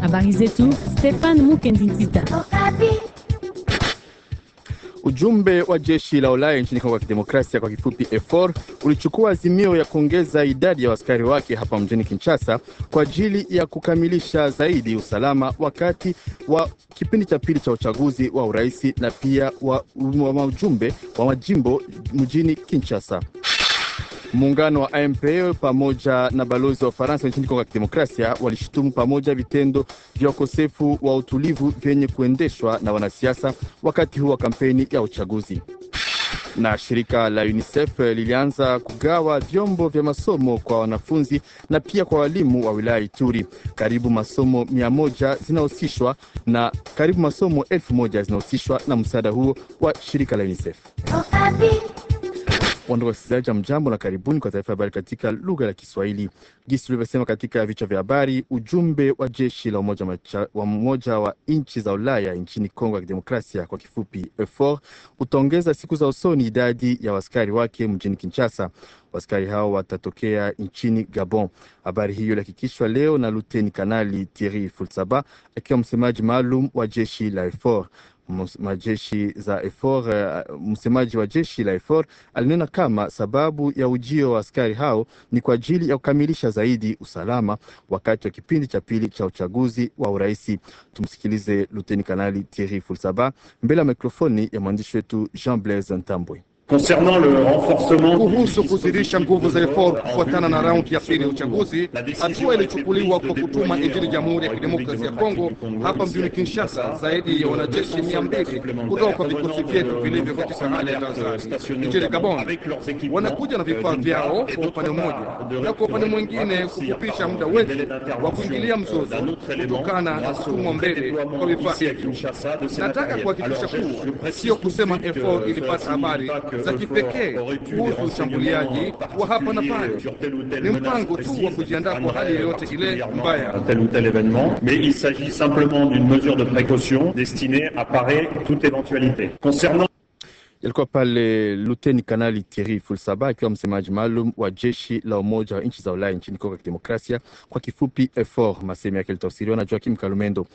Habari zetu Stefan Mukendi Ujumbe wa jeshi la Ulaya nchini Kongo ya Kidemokrasia, kwa kifupi efor ulichukua azimio ya kuongeza idadi ya askari wake hapa mjini Kinshasa kwa ajili ya kukamilisha zaidi usalama wakati wa kipindi cha pili cha uchaguzi wa urais na pia wa, wa, wa ujumbe wa majimbo mjini Kinshasa. Muungano wa AMP pamoja na balozi wa Ufaransa nchini Kongo ya Kidemokrasia walishutumu pamoja vitendo vya ukosefu wa utulivu vyenye kuendeshwa na wanasiasa wakati huu wa kampeni ya uchaguzi. Na shirika la UNICEF lilianza kugawa vyombo vya masomo kwa wanafunzi na pia kwa walimu wa wilaya Ituri. Karibu masomo mia moja zinahusishwa na karibu masomo elfu moja zinahusishwa na msaada huo wa shirika la UNICEF. Oh, Waandugu wasikilizaji, mjambo na karibuni kwa taarifa habari katika lugha ya Kiswahili. Jinsi tulivyosema katika vichwa vya habari, ujumbe wa jeshi la umoja macha, wa mmoja wa nchi za Ulaya nchini Kongo ya Kidemokrasia, kwa kifupi EUFOR, utaongeza siku za usoni idadi ya waskari wake mjini Kinshasa. Waskari hao watatokea nchini Gabon. Habari hiyo ilihakikishwa leo na luteni kanali Thierry Fulsaba akiwa msemaji maalum wa jeshi la EUFOR majeshi za EFOR. Eh, msemaji wa jeshi la EFOR alinena kama sababu ya ujio wa askari hao ni kwa ajili ya kukamilisha zaidi usalama wakati wa kipindi cha pili cha uchaguzi wa uraisi. Tumsikilize Luteni Kanali Thierry Fulsaba mbele ya mikrofoni ya mwandishi wetu Jean Blaise Ntambwe. Concernant le renforcement kuhusu kuzidisha nguvu za reform kufuatana na raundi ya pili ya uchaguzi, hatua ilichukuliwa kwa kutuma nchini Jamhuri ya Kidemokrasi ya Kongo, hapa mjini Kinshasa, zaidi ya wanajeshi mia mbili kutoka kwa vikosi vyetu vilivyo katika hali ya tahadhari. Nchini Gabon wanakuja na vifaa vyao kwa upande mmoja, na kwa upande mwingine kufupisha muda wetu wa kuingilia mzozo kutokana na sukumwa mbele kwa vifaa. Nataka kuhakikisha kuwa sio kusema effort ilipata habari mais il s'agit simplement d'une mesure de précaution destinée à parer toute éventualité. Concernant Ilikuwa pale Luteni Kanali Thierry Fulsaba akiwa msemaji maalum wa jeshi la Umoja wa nchi za Ulaya nchini Kongo ya Kidemokrasia, kwa kifupi EFOR. Masemi yake litafsiriwa na Joakim Kalumendo.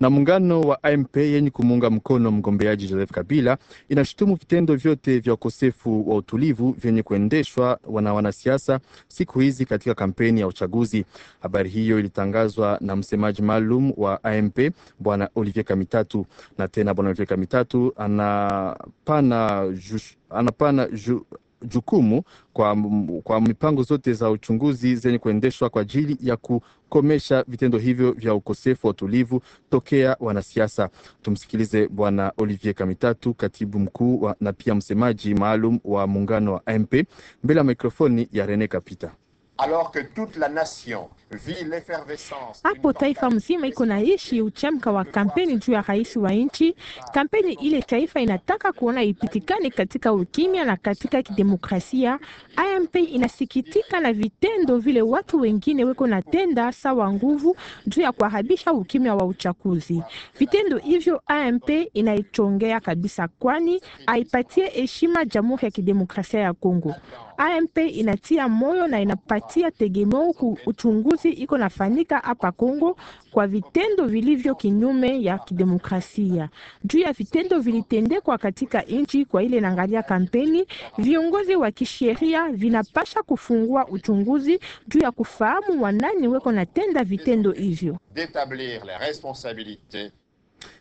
Na muungano wa AMP yenye kumuunga mkono mgombeaji Joseph Kabila inashutumu vitendo vyote vya ukosefu wa utulivu vyenye kuendeshwa na wanasiasa siku hizi katika kampeni ya uchaguzi. Habari hiyo ilitangazwa na msemaji maalum wa AMP Bwana Olivier Kamitatu. Na tena Bwana Olivier Kamitatu anapana anapana ju, jukumu kwa, kwa mipango zote za uchunguzi zenye kuendeshwa kwa ajili ya kukomesha vitendo hivyo vya ukosefu wa utulivu tokea wanasiasa. Tumsikilize Bwana Olivier Kamitatu, katibu mkuu na pia msemaji maalum wa muungano wa MP mbele ya mikrofoni ya Rene Kapita. Alors que toute la nation hapo taifa mzima iko naishi uchamka wa kampeni juu ya rais wa nchi. Kampeni ile taifa inataka kuona ipitikane katika ukimya na katika kidemokrasia. IMP inasikitika na vitendo vile watu wengine weko na tenda sawa nguvu juu ya kuharabisha ukimya wa uchaguzi. Vitendo hivyo IMP inaichongea kabisa, kwani aipatie heshima Jamhuri ya Kidemokrasia ya Kongo. IMP inatia moyo na inapatia tegemeo uchunguzi uchaguzi iko nafanyika hapa Kongo kwa vitendo vilivyo kinyume ya kidemokrasia. Juu ya vitendo vilitendekwa katika nchi kwa ile naangalia kampeni, viongozi wa kisheria vinapasha kufungua uchunguzi juu ya kufahamu wanani weko natenda vitendo hivyo.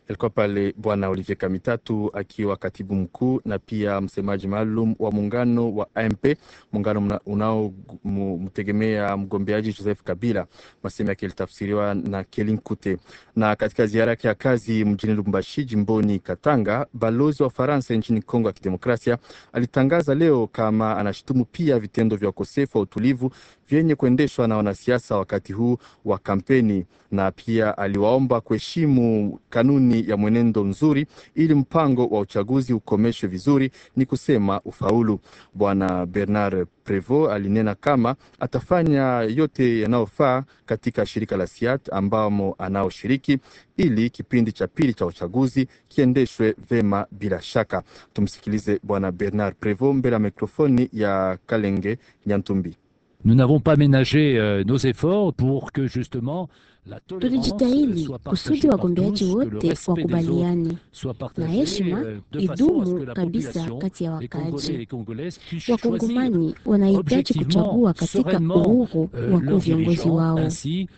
Alikuwa pale Bwana Olivier Kamitatu akiwa katibu mkuu na pia msemaji maalum wa muungano wa AMP, muungano unaomtegemea mgombeaji Joseph Kabila. Masemo yake yalitafsiriwa na Kelin Kute. Na katika ziara yake ya kazi mjini Lubumbashi, jimboni Katanga, balozi wa Faransa nchini Kongo ya Kidemokrasia alitangaza leo kama anashutumu pia vitendo vya ukosefu wa utulivu vyenye kuendeshwa na wanasiasa wakati huu wa kampeni, na pia aliwaomba kuheshimu kanuni ya mwenendo mzuri ili mpango wa uchaguzi ukomeshwe vizuri, ni kusema ufaulu. Bwana Bernard Prevot alinena kama atafanya yote yanayofaa katika shirika la Siat ambamo anaoshiriki ili kipindi cha pili cha uchaguzi kiendeshwe vema bila shaka. Tumsikilize Bwana Bernard Prevot mbele ya mikrofoni ya Kalenge Nyantumbi. Tulijitahidi kusudi wagombeaji wote wakubaliane na heshima idumu kabisa kati ya wakazi. Wakongomani wanahitaji kuchagua katika uhuru wakuu viongozi wao,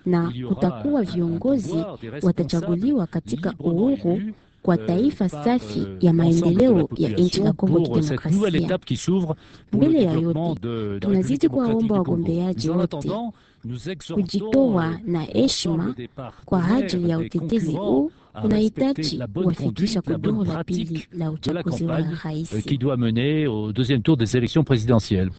na kutakuwa viongozi watachaguliwa katika uhuru kwa taifa euh, safi euh, ya maendeleo ya nchi ya Kongo Kidemokrasia. Mbele ya yote, tunazidi kuwaomba wagombeaji wote kujitoa na euh, heshima kwa ajili ya utetezi huu unahitaji kuwafikisha kudumu la pili la uchaguzi wa rais qui doit mener au deuxième tour des élections présidentielles.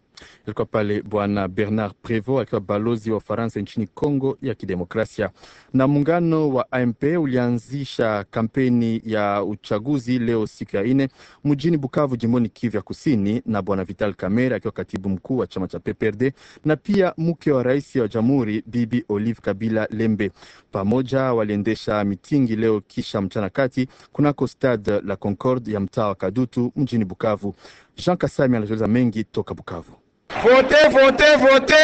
Ilikuwa pale Bwana Bernard Prevo akiwa balozi wa Ufaransa nchini Kongo ya Kidemokrasia. Na muungano wa AMP ulianzisha kampeni ya uchaguzi leo siku ya nne mjini Bukavu, jimboni Kivu ya Kusini, na Bwana Vital Kamerhe akiwa katibu mkuu wa chama cha PPRD na pia mke wa rais wa jamhuri Bibi Olive Kabila Lembe, pamoja waliendesha mitingi leo kisha mchana kati kunako Stade la Concorde ya mtaa wa Kadutu mjini Bukavu. Jean Kasami anatueleza mengi toka Bukavu. vote, vote, vote.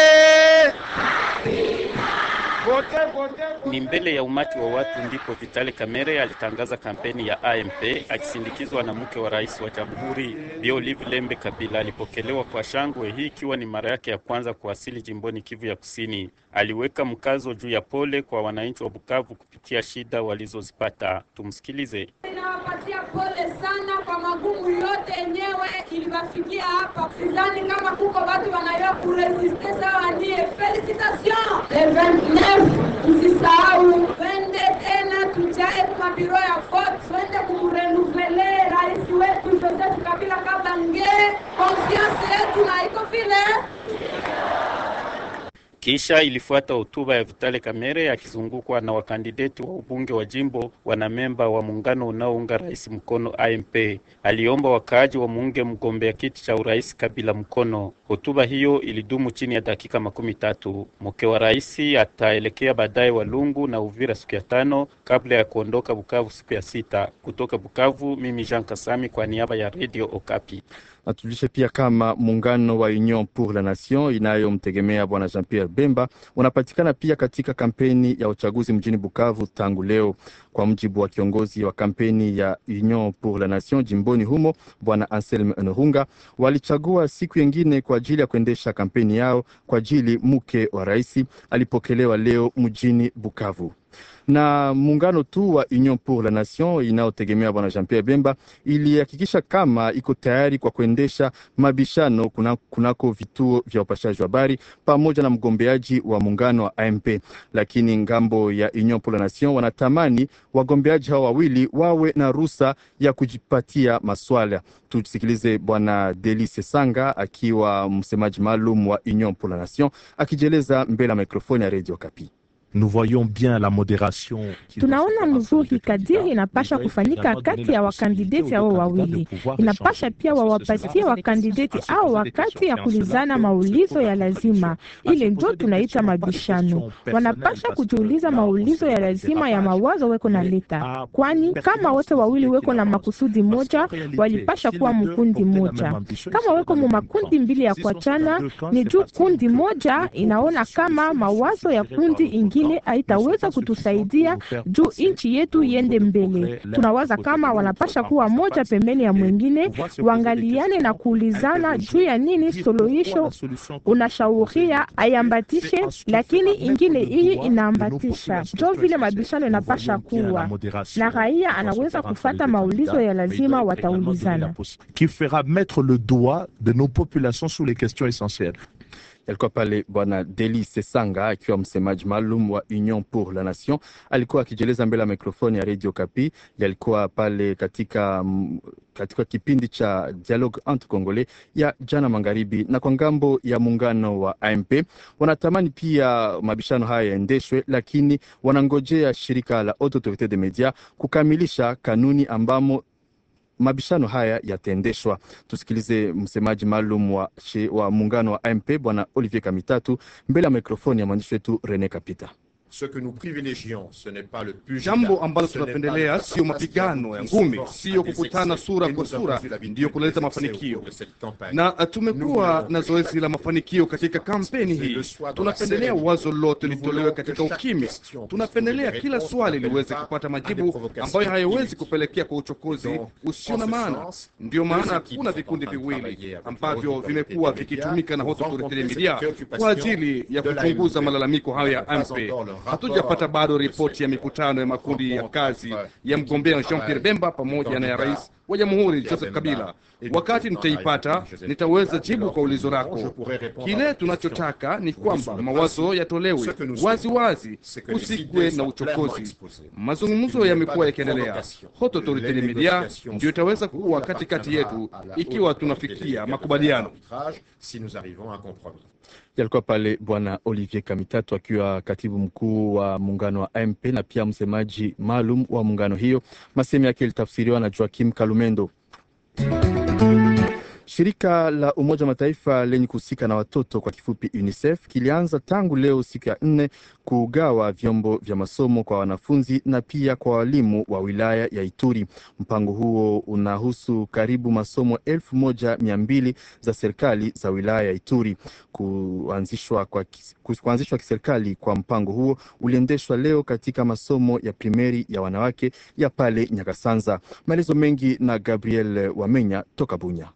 Ni mbele ya umati wa watu ndipo Vitali Kamere alitangaza kampeni ya AMP akisindikizwa na mke wa rais wa jamhuri Bi Olive Lembe Kabila. Alipokelewa kwa shangwe, hii ikiwa ni mara yake ya kwanza kuwasili jimboni Kivu ya Kusini aliweka mkazo juu ya pole kwa wananchi wa Bukavu kupitia shida walizozipata. Tumsikilize. Inawapatia pole sana kwa magumu yote yenyewe iliwafikia hapa. Sidhani kama kuko watu wanayua kuresiste sawa, ndiye felicitation le 29 tusisahau, twende tena tujae kumabiro ya vote, twende kumrenuvele rais wetu Joseph Kabila Kabange. Konfiansi yetu na iko vile kisha ilifuata hotuba ya Vitale Kamere akizungukwa na wakandideti wa ubunge wa jimbo wanamemba wa muungano unaounga rais mkono AMP. Aliomba wakaaji wa muunge mgombea kiti cha urais Kabila mkono. Hotuba hiyo ilidumu chini ya dakika makumi tatu. Mke wa rais ataelekea baadaye Walungu na Uvira siku ya tano kabla ya kuondoka Bukavu siku ya sita. Kutoka Bukavu, mimi Jean Kasami kwa niaba ya Radio Okapi atujulishe pia kama muungano wa Union pour la Nation inayomtegemea bwana Jean Pierre Bemba unapatikana pia katika kampeni ya uchaguzi mjini Bukavu tangu leo. Kwa mjibu wa kiongozi wa kampeni ya Union pour la Nation jimboni humo bwana Anselme Nohunga, walichagua siku yengine kwa ajili ya kuendesha kampeni yao kwa ajili mke wa rais alipokelewa leo mjini Bukavu na muungano tu wa Union pour la Nation inayotegemea bwana Jean Pierre Bemba ilihakikisha kama iko tayari kwa kuendesha mabishano kunako vituo vya upashaji wa habari pamoja na mgombeaji wa muungano wa AMP, lakini ngambo ya Union pour la Nation wanatamani wagombeaji hao wawili wawe na ruhusa ya kujipatia maswala. Tusikilize bwana Delice Sanga akiwa msemaji maalum wa Union pour la Nation akijieleza mbele ya mikrofoni ya Radio Kapi. Tunaona mzuri kadiri inapasha kufanyika kati ya wakandideti hao wawili, inapasha pia wawapatie wakandideti hao wakati ya kulizana maulizo ya lazima. Ile ndio tunaita mabishano. Wanapasha kujiuliza maulizo ya lazima ya mawazo weko na leta, kwani kama wote wawili weko na makusudi moja, walipasha kuwa mkundi moja. Kama weko mu makundi mbili ya kuachana, ni juu kundi moja inaona kama mawazo ya kundi ingi kile haitaweza kutusaidia juu nchi yetu yende mbele. Tunawaza kama wanapasha kuwa moja pembeni ya mwingine, wangaliane na kuulizana juu ya nini suluhisho unashauria ayambatishe, lakini ingine hii inaambatisha jo vile mabishano inapasha kuwa na raia anaweza kufata maulizo ya lazima wataulizana. qui fera mettre le doigt de nos populations sur les questions essentielles. Alikuwa pale Bwana deli sesanga akiwa msemaji maalum wa Union pour la Nation, alikuwa akijieleza mbele ya mikrofoni ya Radio Kapi. Alikuwa pale katika mm, katika kipindi cha dialogue entre Congolais ya jana magharibi. Na kwa ngambo ya muungano wa AMP wanatamani pia mabishano haya yaendeshwe, lakini wanangojea shirika la Autorité des media kukamilisha kanuni ambamo mabishano haya yataendeshwa. Tusikilize msemaji maalum wa, wa muungano wa AMP Bwana Olivier Kamitatu mbele ya mikrofoni ya mwandishi wetu Rene Kapita. Jambo ambalo tunapendelea siyo mapigano ya ngumi, siyo kukutana sura kwa sura ndiyo kuleta mafanikio, na eh, tumekuwa na zoezi la mafanikio katika kampeni hii. Tunapendelea wazo lote litolewe katika ukimya. Tunapendelea kila swali liweze kupata majibu ambayo hayawezi kupelekea kwa uchokozi usio na maana. Ndiyo maana kuna vikundi viwili ambavyo vimekuwa vikitumika na hotuturitiri midia kwa ajili ya kupunguza malalamiko hayo ya ampe hatujapata bado ripoti ya mikutano ya makundi ya kazi ya mgombea Jean Pierre Bemba pamoja na ya rais wa jamhuri Joseph Kabila. Wakati nitaipata, nitaweza jibu kwa ulizo lako. Kile tunachotaka ni kwamba mawazo yatolewe wazi wazi, kusikwe na uchokozi. Mazungumzo yamekuwa yakiendelea, hoto toritele media ndio itaweza kuwa katikati yetu ikiwa tunafikia makubaliano. Yalikuwa pale bwana Olivier Kamitatu akiwa katibu mkuu wa muungano wa MP na pia msemaji maalum wa muungano hiyo. Masehemu yake ilitafsiriwa na Joakim Kalumendo. Shirika la Umoja wa Mataifa lenye kuhusika na watoto kwa kifupi UNICEF kilianza tangu leo siku ya nne kugawa vyombo vya masomo kwa wanafunzi na pia kwa walimu wa wilaya ya Ituri. Mpango huo unahusu karibu masomo elfu moja mia mbili za serikali za wilaya ya Ituri. Kuanzishwa kwa kuanzishwa kiserikali kwa mpango huo uliendeshwa leo katika masomo ya primeri ya wanawake ya pale Nyakasanza. Maelezo mengi na Gabriel Wamenya toka Bunya.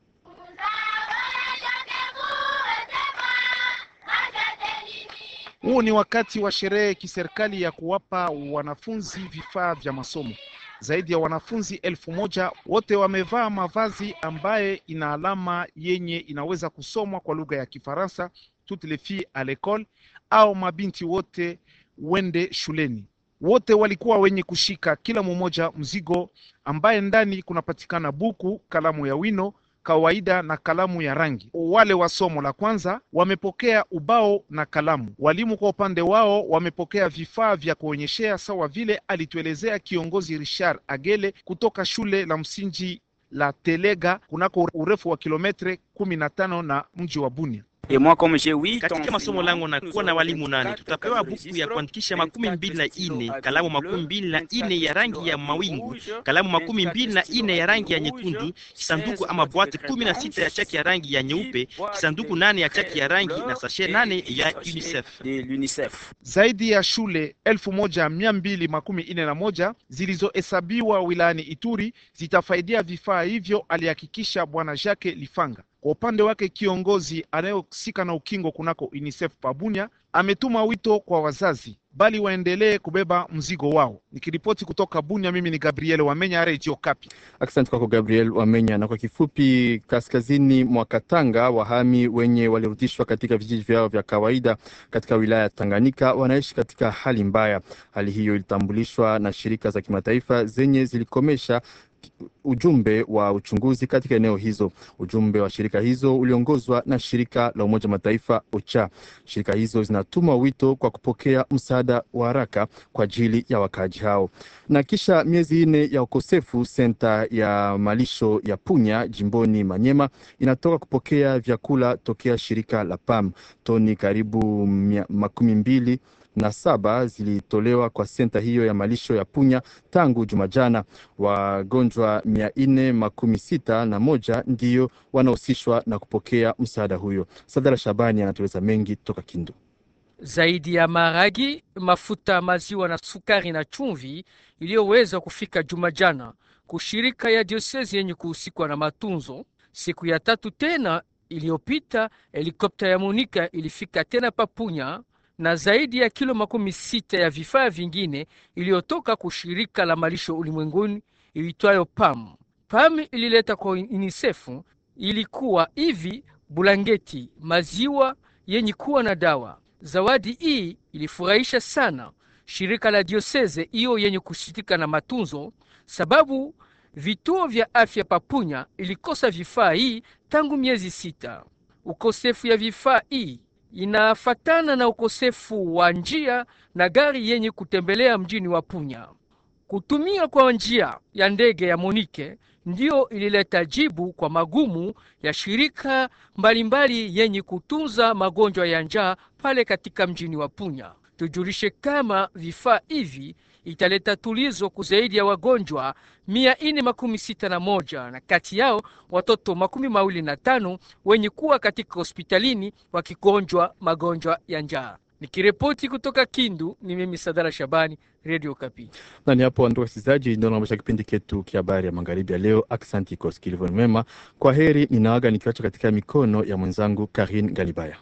Huu ni wakati wa sherehe kiserikali ya kuwapa wanafunzi vifaa vya masomo. Zaidi ya wanafunzi elfu moja wote wamevaa mavazi ambaye ina alama yenye inaweza kusomwa kwa lugha ya Kifaransa, toutes les filles a l'école, au mabinti wote wende shuleni. Wote walikuwa wenye kushika kila mmoja mzigo ambaye ndani kunapatikana buku, kalamu ya wino kawaida na kalamu ya rangi. Wale wa somo la kwanza wamepokea ubao na kalamu. Walimu kwa upande wao wamepokea vifaa vya kuonyeshea sawa vile alituelezea kiongozi Richard Agele kutoka shule la msingi la Telega kunako urefu wa kilometre kumi na tano na mji wa Bunia. Katika masomo langu nakuwa na walimu nane, tutapewa buku ya kuandikisha makumi mbili na ine kalamu makumi mbili na ine ya rangi ya mawingu, kalamu makumi mbili na ine ya rangi ya nyekundu, kisanduku ama bwate kumi na sita ya chaki ya rangi ya nyeupe, kisanduku nane ya chaki ya rangi na sashe nane ya UNICEF. Zaidi ya shule elfu moja mia mbili makumi ine na moja zilizohesabiwa wilayani Ituri zitafaidia vifaa hivyo, alihakikisha Bwana Jacques Lifanga. Kwa upande wake kiongozi anayehusika na ukingo kunako UNICEF Pabunya ametuma wito kwa wazazi, bali waendelee kubeba mzigo wao. Nikiripoti kutoka Bunya, mimi ni Gabriel Wamenya, Radio Okapi. Asante kwako Gabriel Wamenya. Na kwa kifupi, kaskazini mwa Katanga, wahami wenye walirudishwa katika vijiji vyao vya kawaida katika wilaya ya Tanganyika wanaishi katika hali mbaya. Hali hiyo ilitambulishwa na shirika za kimataifa zenye zilikomesha ujumbe wa uchunguzi katika eneo hizo. Ujumbe wa shirika hizo uliongozwa na shirika la Umoja Mataifa OCHA. Shirika hizo zinatuma wito kwa kupokea msaada wa haraka kwa ajili ya wakaaji hao. Na kisha miezi nne ya ukosefu, senta ya malisho ya Punya jimboni Manyema inatoka kupokea vyakula tokea shirika la PAM toni karibu makumi mbili na saba zilitolewa kwa senta hiyo ya malisho ya Punya tangu Jumajana. Wagonjwa mia nne makumi sita na moja ndiyo wanahusishwa na kupokea msaada huyo. Sadara Shabani anatueleza mengi toka Kindu. Zaidi ya maragi mafuta, maziwa na sukari na chumvi iliyoweza kufika Jumajana kushirika ya diosezi yenye kuhusikwa na matunzo. Siku ya tatu tena iliyopita, helikopta ya Monika ilifika tena papunya na zaidi ya kilo makumi sita ya vifaa vingine iliyotoka kushirika la malisho ulimwenguni iitwayo PAM. PAM ilileta kwa UNICEF ilikuwa hivi bulangeti maziwa yenye kuwa na dawa. Zawadi hii ilifurahisha sana shirika la dioseze hiyo yenye kusitika na matunzo, sababu vituo vya afya papunya ilikosa vifaa hii tangu miezi sita. Ukosefu ya vifaa hii inafatana na ukosefu wa njia na gari yenye kutembelea mjini wa Punya. Kutumia kwa njia ya ndege ya Monike ndiyo ilileta jibu kwa magumu ya shirika mbalimbali yenye kutunza magonjwa ya njaa pale katika mjini wa Punya. Tujulishe kama vifaa hivi italeta tulizo kwa zaidi ya wagonjwa mia makumi na moja na kati yao watoto makumi mawili na tano wenye kuwa katika hospitalini wakigonjwa magonjwa ya njaa. Nikiripoti kutoka Kindu ni mimi Sadara Shabani, Radio Kapi. Na ni hapo, ndugu wasikilizaji, ndio naomesha kipindi ketu kia habari ya magharibi ya leo. Aksanti kwa usikilivu mwema, kwa heri. Ninaaga nikiwacha katika mikono ya mwenzangu Karin Galibaya.